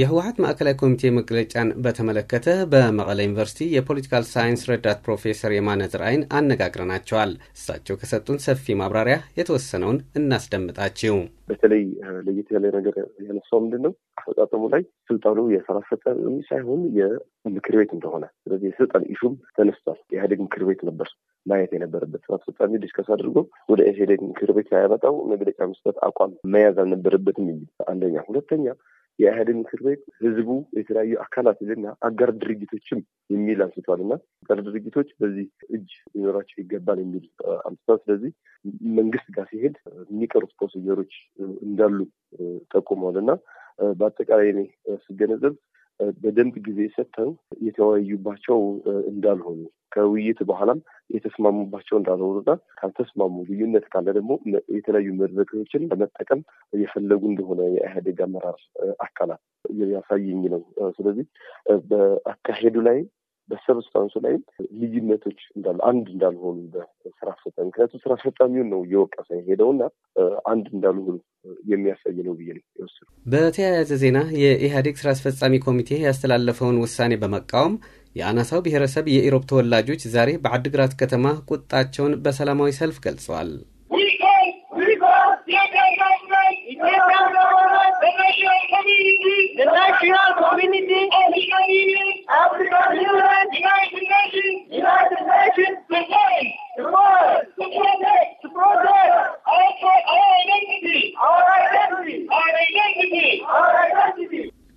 የህወሀት ማዕከላዊ ኮሚቴ መግለጫን በተመለከተ በመቀለ ዩኒቨርሲቲ የፖለቲካል ሳይንስ ረዳት ፕሮፌሰር የማነ ዝርአይን አነጋግረናቸዋል። እሳቸው ከሰጡን ሰፊ ማብራሪያ የተወሰነውን እናስደምጣችው። በተለይ ለየት ያለ ነገር ያነሳው ምንድን ነው? አፈጻጸሙ ላይ ስልጣኑ የስራ አስፈጻሚ ሳይሆን የምክር ቤት እንደሆነ፣ ስለዚህ የስልጣን ኢሹም ተነስቷል። የኢህአዴግ ምክር ቤት ነበር ማየት የነበረበት ስራ አስፈጻሚ ዲስከስ አድርጎ ወደ ኢህአዴግ ምክር ቤት ሳያመጣው መግለጫ መስጠት አቋም መያዝ አልነበረበትም የሚል አንደኛ። ሁለተኛ የኢህአዴግ ምክር ቤት ህዝቡ፣ የተለያዩ አካላትና አጋር ድርጅቶችም የሚል አንስቷል እና አጋር ድርጅቶች በዚህ እጅ ሊኖራቸው ይገባል የሚል አንስቷል። ስለዚህ መንግስት ጋር ሲሄድ የሚቀሩት ፕሮሲጀሮች እንዳሉ ጠቁመዋል እና በአጠቃላይ እኔ ስገነዘብ በደንብ ጊዜ ሰጥተው የተወያዩባቸው እንዳልሆኑ ከውይይት በኋላም የተስማሙባቸው እንዳልሆኑና ካልተስማሙ ልዩነት ካለ ደግሞ የተለያዩ መድረኮችን ለመጠቀም የፈለጉ እንደሆነ የኢህአዴግ አመራር አካላት ያሳየኝ ነው። ስለዚህ በአካሄዱ ላይ በሰብስታንሱ ላይ ልዩነቶች እንዳሉ አንድ እንዳልሆኑ በስራ አስፈጻሚ ምክንያቱም ስራ አስፈጻሚውን ነው እየወቀሰ ሄደውና አንድ እንዳልሆኑ የሚያሳይ ነው ብዬ ነው የወሰድኩት። በተያያዘ ዜና የኢህአዴግ ስራ አስፈጻሚ ኮሚቴ ያስተላለፈውን ውሳኔ በመቃወም የአናሳው ብሔረሰብ የኢሮብ ተወላጆች ዛሬ በአድግራት ከተማ ቁጣቸውን በሰላማዊ ሰልፍ ገልጸዋል። ኢትዮጵያ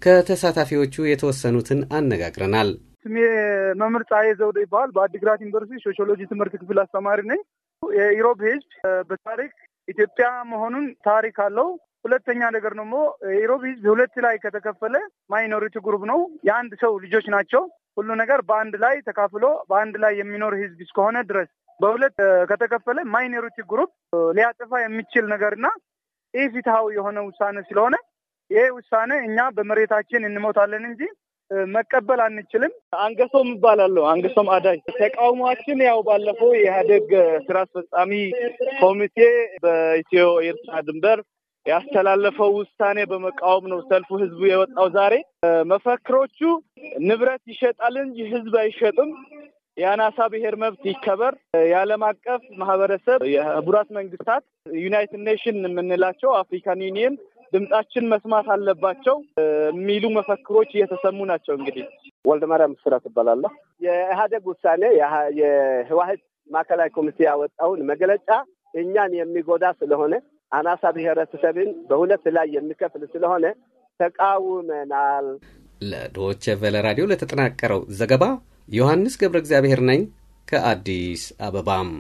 ከተሳታፊዎቹ የተወሰኑትን አነጋግረናል። ስሜ መምህር ፀሐይ ዘውደ ይባላል። በአዲግራት ዩኒቨርሲቲ ሶሽሎጂ ትምህርት ክፍል አስተማሪ ነኝ። የኢሮብ ህዝብ በታሪክ ኢትዮጵያ መሆኑን ታሪክ አለው። ሁለተኛ ነገር ደግሞ ኢሮብ ህዝብ ሁለት ላይ ከተከፈለ ማይኖሪቲ ግሩፕ ነው። የአንድ ሰው ልጆች ናቸው። ሁሉ ነገር በአንድ ላይ ተካፍሎ በአንድ ላይ የሚኖር ህዝብ እስከሆነ ድረስ በሁለት ከተከፈለ ማይኖሪቲ ግሩፕ ሊያጠፋ የሚችል ነገርና ይህ ፍትሐዊ የሆነ ውሳኔ ስለሆነ ይሄ ውሳኔ እኛ በመሬታችን እንሞታለን እንጂ መቀበል አንችልም። አንገሶም እባላለሁ። አንገሶም አዳይ። ተቃውሟችን ያው ባለፈው የኢህአዴግ ስራ አስፈጻሚ ኮሚቴ በኢትዮ ኤርትራ ድንበር ያስተላለፈው ውሳኔ በመቃወም ነው ሰልፉ ህዝቡ የወጣው። ዛሬ መፈክሮቹ ንብረት ይሸጣል እንጂ ህዝብ አይሸጥም፣ የአናሳ ብሔር መብት ይከበር፣ የዓለም አቀፍ ማህበረሰብ፣ የህቡራት መንግስታት፣ ዩናይትድ ኔሽን የምንላቸው አፍሪካን ዩኒየን ድምጻችን መስማት አለባቸው የሚሉ መፈክሮች እየተሰሙ ናቸው። እንግዲህ ወልደ ማርያም ስራ ትባላለህ። የኢህአዴግ ውሳኔ የህወሓት ማዕከላዊ ኮሚቴ ያወጣውን መግለጫ እኛን የሚጎዳ ስለሆነ አናሳ ብሔረተሰብን በሁለት ላይ የሚከፍል ስለሆነ ተቃውመናል። ለዶቼ ቬለ ራዲዮ ለተጠናቀረው ዘገባ ዮሐንስ ገብረ እግዚአብሔር ነኝ ከአዲስ አበባም